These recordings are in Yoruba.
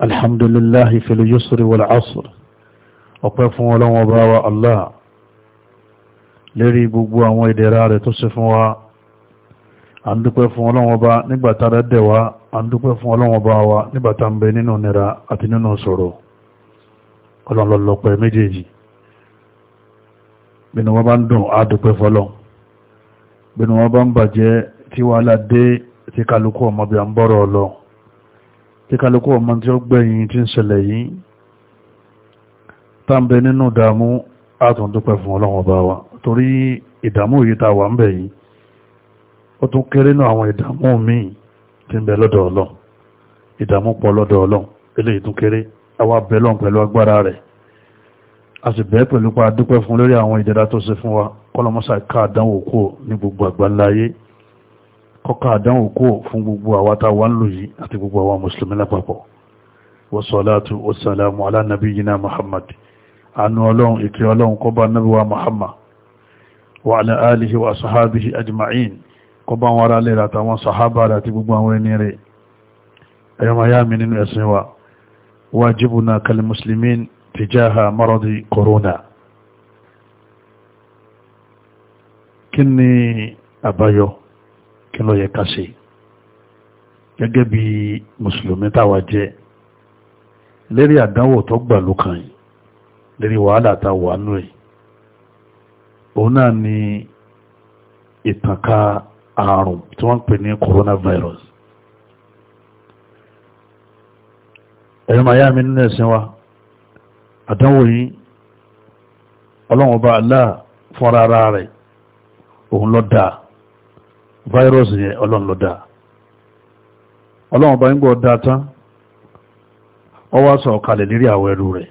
alhamdulillahi fil yusri wal asr ọpẹ́ fún ọlọ́wọ́ bá wa allah lérí gbogbo àwọn ìdẹ̀ra rẹ̀ tó ṣe fún wa a ń dúpẹ́ fún ọlọ́wọ́ bá nígbàtà rẹ̀dẹ̀ wa a ń dúpẹ́ fún ọlọ́wọ́ bá wa nígbàtà ń bẹ nínú nira àti nínú ṣòro ọlọ́lọ́lọ́pẹ́ méjèèjì bínú wọn bá ń dùn a dúpẹ́ fọlọ́ bínú wọn bá ń bàjẹ́ tí wàhálà dé tí kálukú ọmọ bọ́rọ̀ ọlọ́ọ̀ kí kálukú ọmọ tí ó gbẹ̀yìn tí ń ṣẹlẹ̀ yìí táǹbẹ nínú ìdààmú àtúndúpẹ́ fún ọlọ́wọ́n bá wa torí ìdààmú yìí tá a wà ń bẹ̀ yìí ó tún kéré nínú àwọn ìdààmú míì tí ń bẹ lọ́dọ̀ ọlọ́run ìdààmú pọ̀ lọ́dọ̀ ọlọ́run eléyìí tún kéré àwa bẹ̀ lọ́n pẹ̀lú agbára rẹ̀ a sì bẹ́ẹ̀ pẹ̀lú pa dúpẹ́ fún lórí àwọn ìdẹ̀ra tó ṣe fún wa kọ́lọ́mọ́sà ká àdánwò kú ní gbogbo àgbáńláyé kọ́kọ́ àdánwò kó fún gbogbo àwa tá wà ń lò yìí àti gbogbo àwa mùsùlùmí lápapọ̀ wasalaatu wasalaamu ala nabiyina muhammad anu ọlọ́run ìkẹ́ ọlọ́run kó bá nabi wa muhammad wa ala alihi wa sahabihi ajma'in kó bá wọn ara lera àtàwọn sahaba rẹ̀ corona kí ni kí ló yẹ ká ṣe gẹ́gẹ́ bí mùsùlùmí táwa jẹ́ lérí àdánwò tó gbà ló kàn yìí lérí wàhálà tá wà nù ẹ̀ òun náà ni ìtànká àrùn tí wọ́n ń pè ní coronavirus ẹ̀yọ́ màá yá mi nínú ẹ̀sìn wa àdánwò yìí ọlọ́run ọba aláà fọ́nra ara rẹ̀ òun ló dáa virus yẹn ọlọ́run ló dáa ọlọ́run bá ń gbọ́ ọ wá sọ ọ̀kalẹ̀ lérí àwọn ẹrú rẹ̀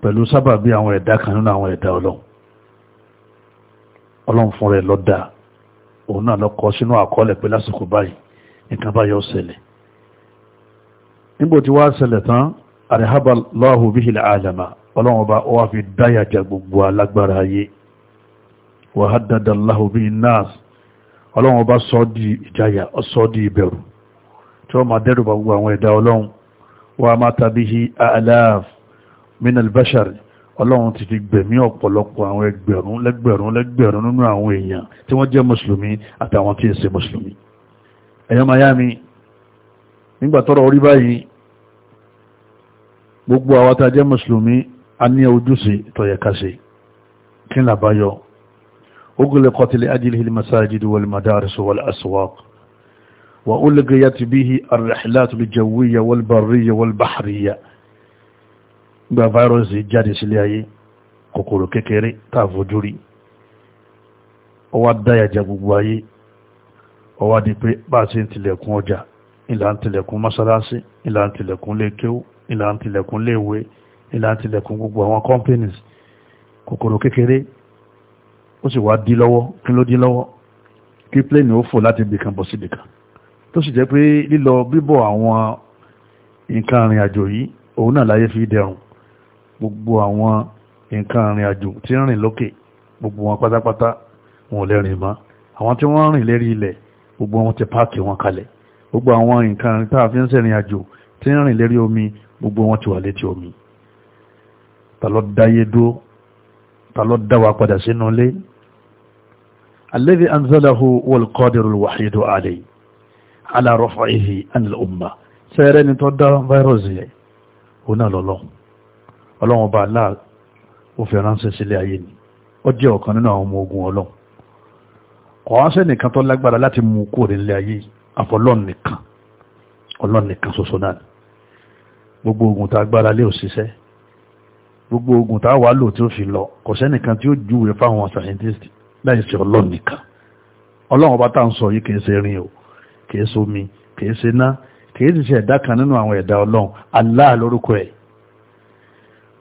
pẹ̀lú sábàbí àwọn ẹ̀dá kan nínú àwọn ẹ̀dá ọlọ́run ọlọ́run fún rẹ̀ ló òun náà kọ sínú àkọọ́lẹ̀ pé lásìkò báyìí nǹkan báyọ̀ ṣẹlẹ̀ nígbò tí ṣẹlẹ̀ tán bíhìlẹ̀ ọba gbogbo wàhádàdà láhùbí nas ọlọ́run ọba sọ di ìjayà sọ di ìbẹ̀rù tí wọ́n máa dẹ́rù bá gbogbo àwọn ẹ̀dá ọlọ́run wà máa tàbí hi aláàf minal bashar ọlọ́run ti fi gbẹ̀mí ọ̀pọ̀lọpọ̀ àwọn ẹgbẹ̀rún lẹ́gbẹ̀rún lẹ́gbẹ̀rún nínú àwọn èèyàn tí wọ́n jẹ́ mùsùlùmí àtàwọn tí èsè mùsùlùmí ẹ̀yọ́ miami nígbà tọ́rọ orí báyìí gbogbo àwọn tá a jẹ́ mùsùlùmí a ní ojúṣe tó kí n làbáyọ أغلقت لأجله المساجد والمدارس والأسواق وألقيت به الرحلات الجوية والبرية والبحرية gba fáírọ́sì jáde sílé ayé kòkòrò kékeré tààfojú rí ó wá dáyàjá gbogbo ayé ó wá di pé bá ṣe ń tilẹ̀kùn ọjà ìlà ń tilẹ̀kùn mọ́sálásí ìlà ń tilẹ̀kùn lékéwú ìlà ń tilẹ̀kùn léèwé ìlà ń tilẹ̀kùn gbogbo àwọn companies kòkòrò kékeré ó sì wá dí lọ́wọ́ kí ló dí lọ́wọ́ kí pléènì ó fò láti ibìkan bọ̀ sí ibìkan tó sì jẹ́ pé lílọ bíbọ̀ àwọn nǹkan arìn àjò yìí òun náà láyé fi dẹrùn gbogbo àwọn nǹkan arìn àjò tí ń rìn lókè gbogbo wọn pátápátá wọn ò lè rìn mọ́ àwọn tí wọ́n rìn lérí ilẹ̀ gbogbo wọn ti páàkì wọn kalẹ̀ gbogbo àwọn nǹkan arìn tá a fi ń ṣèrìn àjò tí ń rìn lérí omi gbogbo wọn ti wà létí omi ta dáyé dúró ta ló dá wa padà sínú ilé alladhi anzalahu wal qadiru al wahidu alayhi ala raf'ihi anil umma sẹ́rẹ́ ni tó dá fáírọ́ọ̀sì yẹn òun náà lọ́lọ́ ọlọ́run bá aláà ó fi ránṣẹ́ sílé ayé ni ó jẹ́ ọ̀kan nínú àwọn ọmọ ogun ọlọ́run kọ̀wáṣẹ́ nìkan tó lágbára láti mú kó rí ayé àfọlọ́n nìkan ọlọ́n nìkan ṣoṣo náà gbogbo ogun tá agbára lé òṣìṣẹ́ gbogbo oògùn tá a wà lò tí ó fi lọ kò sẹ́nìkan tí ó júwe fáwọn scientist láì sí ọlọ́run nìkan ọlọ́run ọba tá à ń sọ yìí kìí ṣe rin o kìí ṣe omi kìí ṣe ná kìí ṣe ẹ̀dá kan nínú àwọn ẹ̀dá ọlọ́run Allah lórúkọ ẹ̀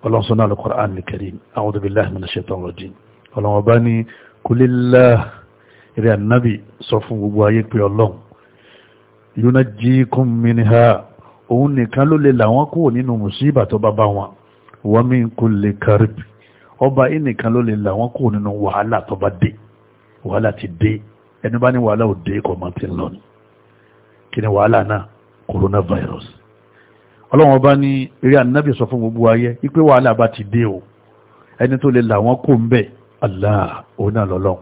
ọlọ́run sọ náà al-Qur'an al-Karim a'udhu billahi minash shaitanir rajim ọlọ́run ọba ní kulillah eré ànábì sọ fún gbogbo ayé pé ọlọ́run yunajjikum minha òun nìkan ló lè làwọn kúrò nínú mùsíbà wa min kulli karib ọba ìnìkan ló lè là wọ́n kò nínú wàhálà tó bá dé wàhálà ti dé ẹni bá ní wàhálà ò kò mọ́ ti lọ ni kí ni wàhálà náà coronavirus ọlọ́wọ́n bá ní eré ànábì sọ fún gbogbo ayé wípé wàhálà bá ti dé o ẹni tó lè là kò ń bẹ̀ Allah òun náà lọ́lọ́run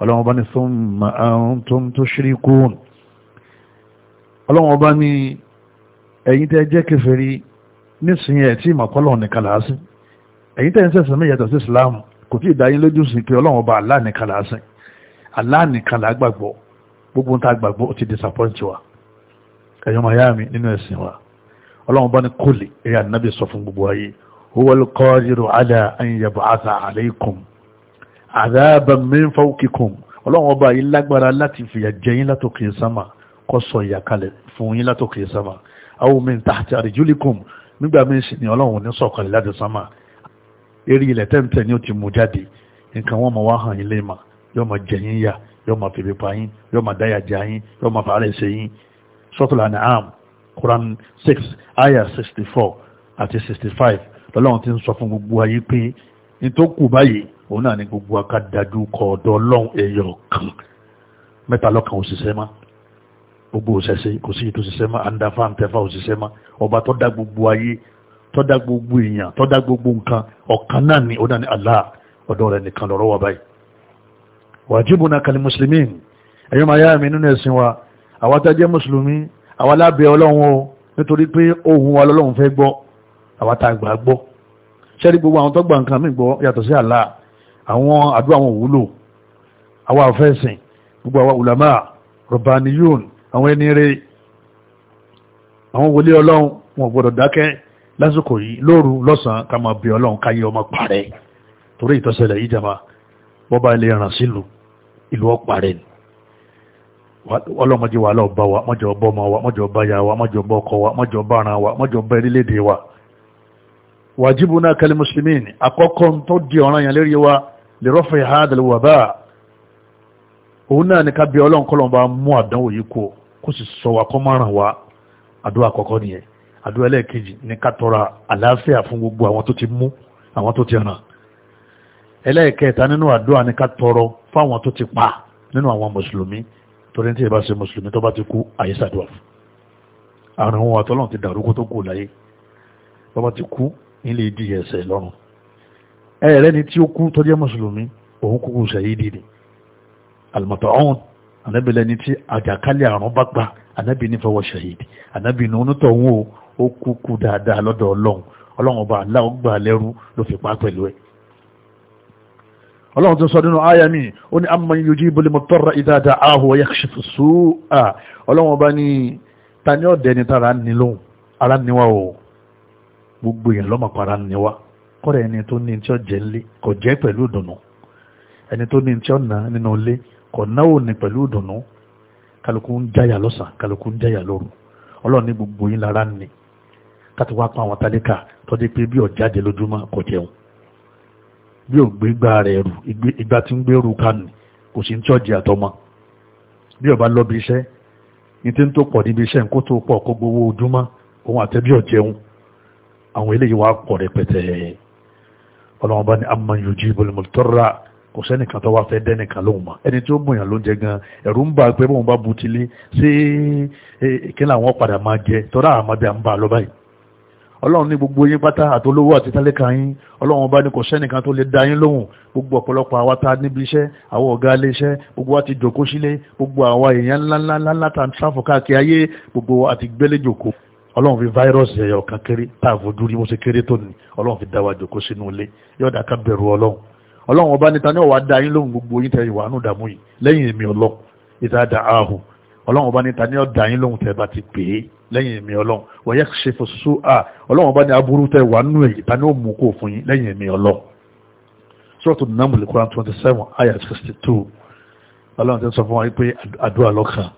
ọlọ́wọ́n bá ní thumma antum tushrikun ọlọ́wọ́n bá ní ẹ̀yin tẹ́ jẹ́ kèfèrí nísìnyí ẹ̀ tí ìmọ̀kọ́lọ̀ nìkan là á sìn ẹ̀yin tẹ̀yìn sẹ̀sìn mi yàtọ̀ sí Islam kò tí ì dá yín lójú sí pé ọlọ́run ọba Allah nìkan là á nìkan là gbàgbọ́ gbogbo nta gbàgbọ́ ó ti disappoint wa ẹ̀yọ́ mayami nínú ẹ̀sìn wa ọlọ́run bá ní kólé eré ànábì sọ fún gbogbo ayé huwal qadiru ala an yab'atha alaykum adhaban min fawqikum ọlọ́run ọba yìí lágbára láti fìyà jẹ yín látòkè sámà nígbà míì sì ni ọlọ́run ò ní sọ̀kalẹ̀ láti sánmà eré ilẹ̀ tẹ́ǹtẹ́ ni ó ti mú jáde nǹkan wọn mọ̀ wá hàn yín léèmà yóò máa jẹ yín yá yóò máa fèbè pa yín yóò máa dáyà já yín yóò máa fàárẹ̀ ṣe yín Suratul An'am Quran six ayah sixty four àti sixty five lọ́lọ́run ti ń sọ fún gbogbo ayé pé nítòkù báyìí òun náà ni gbogbo akádájú kọ̀ ọlọ́run ẹ̀yọ̀ kan mẹ́ta lọ́kàn òṣìṣẹ́ máa gbogbo òṣẹ̀ṣẹ̀ kò sí ètò òṣìṣẹ́ mọ́ àǹdà fáàm tẹ́fà òṣìṣẹ́ mọ́ ọba tó dá gbogbo ayé tó dá gbogbo èèyàn tó dá gbogbo nǹkan ọ̀kan náà ni ó náà ni Allah ọ̀dọ̀ rẹ̀ nìkan lọ́rọ̀ wà báyìí wàjibuna kal muslimin ẹ̀yọ́ máa yá mi nínú ẹ̀sìn wa àwa tá jẹ́ mùsùlùmí àwa lábẹ́ ọlọ́run o nítorí pé ohun wa lọ́lọ́run fẹ́ gbọ́ àwa tá gbà gbọ́ ṣẹ́rí gbogbo àwọn tó gbà nǹkan mí gbọ́ yàtọ̀ sí Allah àwọn àdúrà àwọn òwúlò àwa àfẹ́sìn gbogbo àwa ulama rabbaniyun àwọn ẹni rẹ̀ àwọn wòlé ọlọ́run wọn gbọ́dọ̀ dákẹ́ lásìkò yìí lóru lọ́sàn ká máa bí ọlọ́run káyé ọmọ parẹ́ torí ìtọ́sẹ̀lẹ̀ yìí jama wọ́n bá ilé ràn sílùú ìlú ọ̀parẹ́ ni ọlọ́mọdé wa bá wa ọmọ wa bá ya wa mọ́jọ ọkọ wa bá ara wa bá wa náà mùsùlùmí tó di ọ̀ràn yẹn lérí wa lè rọ́fẹ̀ẹ́ òun náà ká bí ọlọ́run bá mú àdánwò yìí kú kó sì sọ wa kó má ràn wá àdúrà àkọ́kọ́ nìyẹn àdúrà ẹlẹ́ẹ̀kejì ní ká tọrọ àlàáfíà fún gbogbo àwọn tó ti mú àwọn tó ti ràn ẹlẹ́ẹ̀kẹta nínú àdúrà ní ká tọrọ fáwọn tó ti pa nínú àwọn mùsùlùmí torí tí ìbá ṣe mùsùlùmí tó bá ti kú àyè ṣàdúrà fún àrùn ohun àtọ́lọ́n ti dàrú tó kù láyé tó bá ti kú nílé ìdí ẹsẹ̀ lọ́rùn ẹ̀rẹ́ni tí ó kú tó mùsùlùmí òun kúkú sẹ́yí dìde àlùmọ̀tọ̀ ọ̀hún ànábì lẹni tí àjàkálẹ̀ àrùn bá gbà ànábì ní fọwọ́ ṣahidi ànábì ní onítọ̀hún o ó kúkú dáadáa lọ́dọ̀ ọlọ́run ọlọ́run ọba aláwọ̀ gbà lẹ́rú ló fi pa pẹ̀lú ẹ̀. ọlọ́run tó sọ nínú àyà mi ó ní amman yujibul mudtarra idha da'ahu wa yakshifu su'a ọlọ́run ọba ní ta ni ọ̀dẹ́ ni tara ni lóhùn ara niwa o gbogbo èèyàn lọ́mọ para niwa kọ́ra ẹni tó ní tí ó jẹ́ ńlé kò jẹ́ pẹ̀lú ìdùnnú ẹni kò náwó ní pẹ̀lú ìdùnnú kálukú ń jáyà lọ́sàn kálukú ń jáyà lóru ọlọ́run ní gbogbo yín lára ni káti wá pa àwọn tálíkà tọ́jú pé bí ọ̀jáde lójúmọ́ kò jẹun bí ò gbé igbá rẹ̀ rù igbá tí ń gbèrú kánì kò sí ń tíọ́jì àtọmọ bí ọba lọ́bi iṣẹ́ ní tí ń tó pọ̀ níbi iṣẹ́ nǹkó tó pọ̀ kó gbowó ojúmọ́ òun àtẹ́bí ọ̀jẹun àwọn eléyìí wá pọ̀ rẹpẹtẹ ọlọ́run bá ní amman yujibul mudtarra kò sẹ́nìkan tó wá fẹ́ dẹ́nìkan lóhùn mọ́ ẹni tí ó mọ̀yàn ló ń jẹ gan ẹ̀rù ń bá pé bóun bá butilé ṣé kí làwọn padà máa jẹ tọ́ra àmọ́bí à ń bá a lọ báyìí ọlọ́run ní gbogbo yín pátá àtolówó àti tálíkà yín ọlọ́run bá ní kò sẹ́nìkan tó lè dá yín lóhùn gbogbo ọ̀pọ̀lọpọ̀ àwa tá níbi iṣẹ́ àwọn ọ̀gá ilé iṣẹ́ gbogbo àti jòkó sílé gbogbo àwa èèyàn ńláńlá ọlọ́run fi fáírọ́ọ̀sì ẹ̀yọ̀ kan kéré tá àfojú rí mo ṣe kéré tó ní ọlọ́run fi dá jòkó sínú ilé yọ̀ọ́dà ká bẹ̀rù ọlọ́run ọlọ́run ọba níta ní ọ̀wá dá yín lóhùn gbogbo yín tẹ̀yìn wà nù dààmú yìí lẹ́yìn èmi ọlọ́run ìta dà áhù ọlọ́run ọba níta ní ọ̀dà yín lóhùn tẹ̀ bá ti pè é lẹ́yìn èmi ọlọ́run wọ̀nyẹ́ ṣe fò sùn à ọlọ́run ọba ní aburú tẹ̀ wà nù èyí ta ní ó mú fún yín lẹ́yìn èmi ọlọ́run sọ́ọ̀tù nàmùlẹ̀ Quran twenty seven ayah sixty two ọlọ́run ti sọ fún wa pé àdúrà lọ́kàn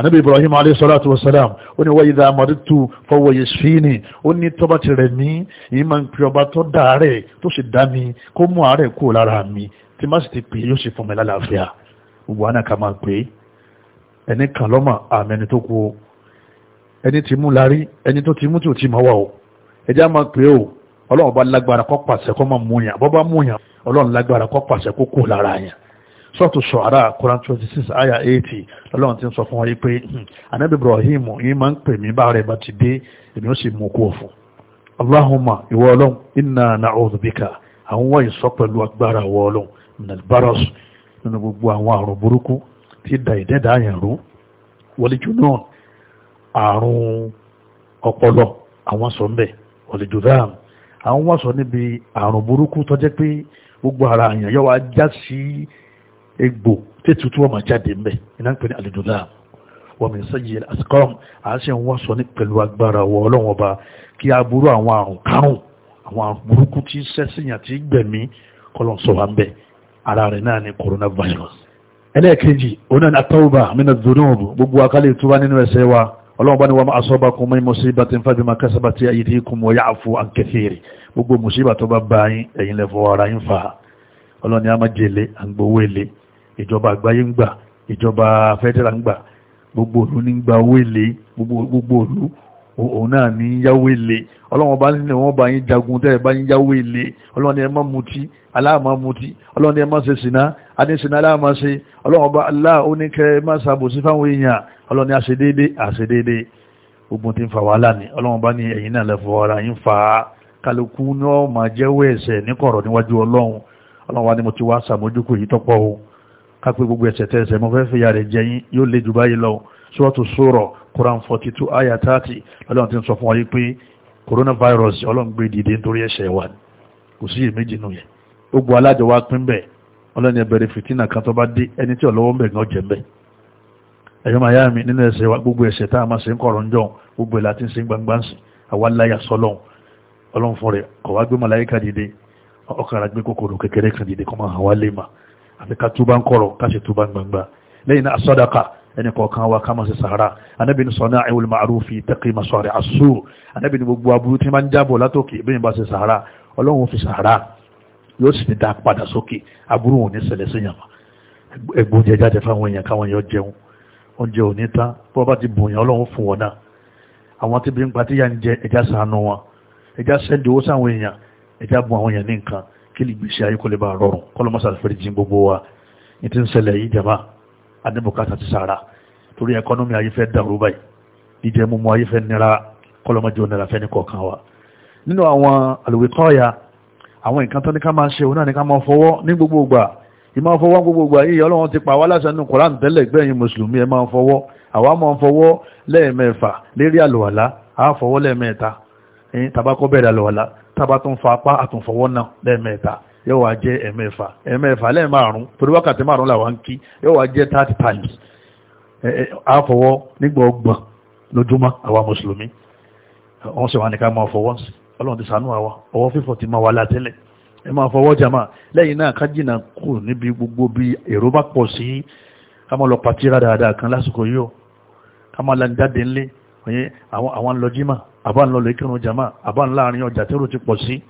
anabi ibrahim alayhi salatu wasalam ó ní wáyé dáa mọ̀dútù fọwọ́ yẹsùfínì ó ní tọ́ba ti rẹ̀ mí èyí máa ń pè ọba tó dá rẹ̀ tó sì dá mi kó mú àárẹ̀ kúrò lára mi tí má sì ti pè yóò sì fún mi lálàáfíà gbogbo àná ká máa pè é ẹni kan lọ́mọ àmì ẹni tó kú o ẹni tí mú larí ẹni tó ti mú tí ò ti mọ́ wà o ẹjẹ́ á máa pè é o ọlọ́run bá lágbára kó pàṣẹ kó máa mú yàn bọ́ bá mú yàn ọlọ́run lágbára kó pàṣẹ kó kúrò lára yàn sọtụ ṣọ̀hárà Quran twenty aya eighty lọ́lọ́run ti ń sọ fún wa pé anabi hmm, Ibrahim yìí máa ń pè mí bá rẹ̀ bá ti dé èmi ó sì mú kú Allahumma ìwọ ọlọ́run àwọn wọ̀nyí sọ pẹ̀lú agbára ìwọ ọlọ́run nínú gbogbo àwọn àrùn burúkú tí da ìdẹ́dà àyàn rú wọlé náà àrùn ọpọlọ àwọn sọ àwọn wọ́n sọ níbi àrùn burúkú egbò tí tuntun wọn máa jáde ń bẹ iná ń pè ní àlùdùlá wọn mi sẹ́yìn àsìkọ́rùn àṣẹ wọn sọ ní pẹ̀lú agbára wọ ọlọ́wọ́n ọba kí aburú àwọn àrùn kárùn àwọn àrùn burúkú tí sẹ́sìyàn tí gbẹ̀mí kọ́lọ́n sọ wá ń bẹ ara rẹ̀ náà ní coronavirus. ẹlẹ́ẹ̀kejì onáà ní atọ́wọ́bà mina dùnúùbù gbogbo akálẹ̀ ìtura nínú ẹsẹ̀ wa ọlọ́wọ́n bá ní wọ́n máa sọ́ba kún mọ́ mùsíbà tí ń fàbí máa kásàbà tí ayé tí kún mọ́ yáà fún àǹkẹ́fẹ́rẹ́ gbogbo mùsíbà ìjọba àgbáyé ń gbà ìjọba federal ń gbà gbogbo òlu ní gba owó èlé gbogbo òlu òun náà ní yáwó èlé ọlọ́wọ́n bá nílẹ̀ wọ́n bá yín jagun tẹ́lẹ̀ bá yín yáwó èlé ọlọ́wọ́n ni ẹ má mutí aláàmá mutí ọlọ́wọ́n ni ẹ má ṣe sìná adésìná aláàmá ṣe ọlọ́wọ́n bá aláà ó ní kẹ́ ẹ má fáwọn èèyàn ọlọ́wọ́n ni a ṣe déédéé a ṣe déédéé ogun ti ń fa wàhálà ni ọlọ́wọ́n bá ní ẹ̀yìn náà lẹ́fọ̀ ara yín fa kálukú náà máa jẹ́wọ́ ẹ̀ṣẹ̀ níkọ̀rọ̀ níwájú ọlọ́run ọlọ́wọ́n ni mo ti wá ṣàmójúkú yìí tọ́pọ̀ o kápẹ́ gbogbo ẹ̀ṣẹ̀ tẹ́ẹ̀ṣẹ̀ mọ́ fẹ́ fi yà rẹ̀ jẹyìn yóò lè jù báyìí lọ sọ́ọ̀tù sọ́rọ̀ Quran 42 ayat 30 ọlọ́run ti ń sọ fún wáyé pé coronavirus ọlọ́run gbé dìde nítorí ẹ̀ṣẹ̀ wa kò sí èméjì nù yẹn gbogbo alájọ wa pín bẹ́ẹ̀ ọlọ́run ẹbẹ̀rẹ̀ fìtínà kan tó bá dé ẹni tí ọlọ́wọ́ ń bẹ̀ mi nínú ẹ̀ṣẹ̀ wa gbogbo ẹ̀ṣẹ̀ tá a máa ṣe ń kọ̀rọ̀ ń jọ gbogbo ẹ̀ láti ń ṣe gbangba ń sìn àwa láyà sọlọ́run ọlọ́run fún rẹ̀ kọ̀ wá àfi ká túbá ń kọ̀rọ̀ ká ṣe túbá gbangba lẹ́yìn náà sàdákà ẹni kọ̀ọ̀kan wa ká máa ṣe sàárà anábì ní sọ̀nà àìwòlì ma'arufi taqi masari as-su anábì ní gbogbo aburú tí máa ń jábọ̀ látòkè bí bá ṣe sàárà ọlọ́run fi sàárà yóò sì dá padà sókè aburú òní ṣẹlẹ̀ sí yàmà ẹgbó jẹ jáde fáwọn èèyàn káwọn èèyàn jẹun oúnjẹ òní tán bọ́ bá ti bùnyàn ọlọ́run fún wọn náà àwọn tí bí ń pa ń jẹ ẹja sànú wọn ẹja sẹ́ndì owó sáwọn èèyàn ẹja bùn àwọn èèyàn ní nǹkan kílì gbèsè ayé kó lè bá rọrùn kọlọmọsà fẹ́rẹ̀ jí gbogbo wa ní ti ń ṣẹlẹ̀ yìí jama adébùkátà ti sára torí ẹkọ́nọ́mì ayé fẹ́ dàrú báyìí jíjẹ múmu ayé fẹ́ nira kọlọmọjọ nira fẹ́ ní kọ̀ọ̀kan wa nínú àwọn àlùwẹ̀kọ́ọ̀yà àwọn nǹkan tó ní ká máa ṣe òun náà ní ká máa fọwọ́ ní gbogbo ìgbà ìmá fọwọ́ gbogbo ìgbà yìí ọlọ́run ti pa wá láṣẹ nínú koran tẹ́lẹ̀ gbẹ̀yìn mùsùlùmí ẹ máa fọwọ́ àwa máa fọwọ́ lẹ́ẹ̀mẹ́fà lérí àlùwàlá àá fọwọ́ lẹ́ẹ̀mẹ́ta ẹ̀yìn tabakọ́ bẹ̀rẹ̀ àlùwàlá tába tó ń fa apá àtúnfọwọ́ náà lẹ́ẹ̀mẹ́ta yóò wá jẹ́ ẹ̀mẹ́fà ẹ̀mẹ́fà lẹ́ẹ̀márùn torí wákàtí márùn làwọn ń kí yóò wá jẹ́ thirty times àfọwọ́ nígbà ọgbọ̀n lójúmọ́ àwa mùsùlùmí wọ́n sọ wá ní ká máa fọwọ́ sí ọlọ́run ti sànú àwa ọwọ́ fífọ̀ ti máa wà látẹ́lẹ̀ ẹ máa fọwọ́ jama lẹ́yìn náà kájìnà kù níbi gbogbo bí èrò bá pọ̀ sí ká máa lọ pàtírà dáadáa kan lásìkò yìí ó ká máa lanjáde ńlé àwọn lọ jímà àbá ń lọlẹ̀ kírun jama àbá ń láàrin ọjà tẹ́rù ti pọ̀ sí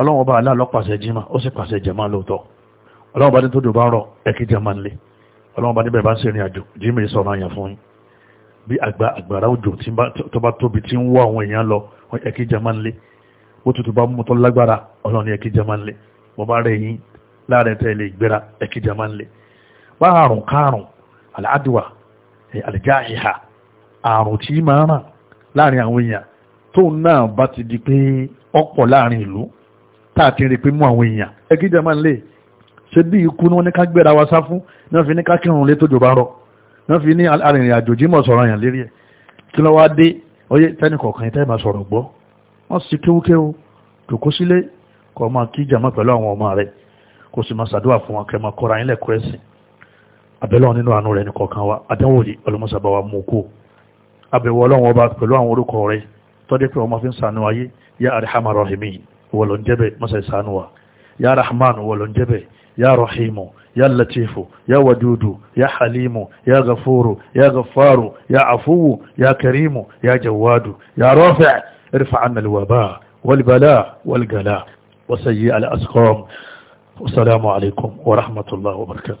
ọlọ́wọ́n bá aláàlọ́ pàṣẹ jimá ó sì pàṣẹ jama lóòótọ́ ọlọ́wọ́n bá ní tó dùn bá rọ ẹ̀kí jama ńlẹ̀ ọlọ́wọ́n bá níbẹ̀ bá ń ṣe ìrìn àjò jimmy sọ̀rọ̀ àyàn fún yín bí àgbà àgbàrá òjò tó bá tóbi tí ń wọ àwọn èèyàn lọ ẹ̀kí jama ńlẹ̀ bó tutù bá mú tó lágbára ọlọ́ni ẹ̀kí jama máa láàrin àwọn èèyàn tóun náà bá ti di pé ọ̀pọ̀ láàrin ìlú tá a ti rí pé mú àwọn èèyàn ẹgídẹ máa ń lè ṣe bí ikú ni wọ́n ní ká gbéra wa sá fún náà fi ní ká kírun lé tójò bá rọ̀ náà fi ní arìnrìn àjò jímọ̀ sọ̀rọ̀ yàn lérí ẹ̀ kí ló wá oyè tẹ́nì kọ̀ọ̀kan yìí tẹ́ máa sọ̀rọ̀ gbọ́ wọ́n sì kéwúkéwú kòkó sílé kọ́ máa kí jàmá pẹ̀lú àwọn ọmọ rẹ̀ kò sì máa ṣàdúrà fún wọn kẹ́ máa kọ́ra yín lẹ́kọ̀ọ́ ẹ̀sìn abẹ́lẹ́ nínú àánú rẹ̀ nìkọ̀ọ̀kan wa àdánwò yìí ọlọ́mọṣàbáwa mú kó àbẹ̀wò ọlọ́run ọba pẹ̀lú àwọn orúkọ rẹ̀ tọ́dé pé ọmọ fi ń sànú ayé yá arhamar rahimin wọ́n ló ń jẹ́bẹ̀ mọ́sẹ̀ sànú wa yá rahman wọ́n ló ń jẹ́bẹ̀ yá rahimu yá latifu yá wadudu yá halimu yá gafuru yá gafaru yá afuwu yá karimu yá jawadu yá rafi' irfa anna alwaba walbala walgala wasayyi al asqam assalamu alaikum wa rahmatullahi wa barakatuh